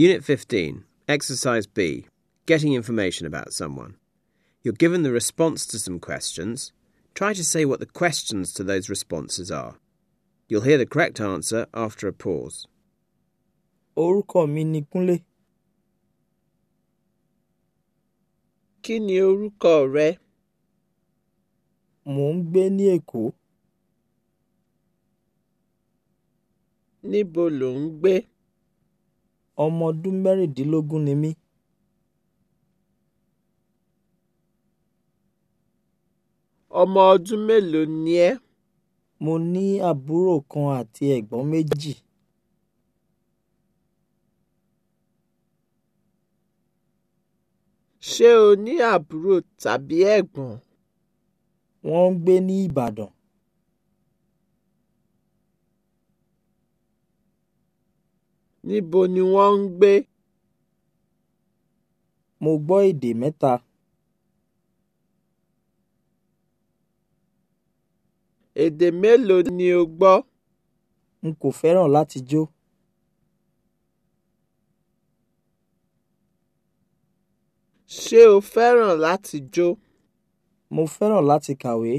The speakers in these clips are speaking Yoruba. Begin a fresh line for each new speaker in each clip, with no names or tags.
Unit 15, Exercise B Getting Information About Someone. You're given the response to some questions. Try to say what the questions to those responses are. You'll hear the correct answer after a pause. Orúkọ mi ni Kúnlé. Kí orúkọ
rẹ?
Mò ń gbé ní Èkó.
Níbo lò ń gbé?
ọmọ ọdún mẹ́rìndínlógún ni mí. ọmọ ọdún mélòó ni ẹ́? mo ní àbúrò kan àti ẹ̀gbọ́n méjì. ṣé o ní àbúrò tàbí ẹ̀gbọ́n? wọ́n ń gbé ní Ìbàdàn.
Níbo ni wọ́n ń gbé?
Mo gbọ́ èdè mẹ́ta.
Èdè mélòó ni o
gbọ́? N kò fẹ́ràn láti jó. Ṣé o
fẹ́ràn láti jó?
Mo fẹ́ràn láti kàwé.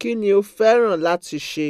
Kí ni o fẹ́ràn láti ṣe?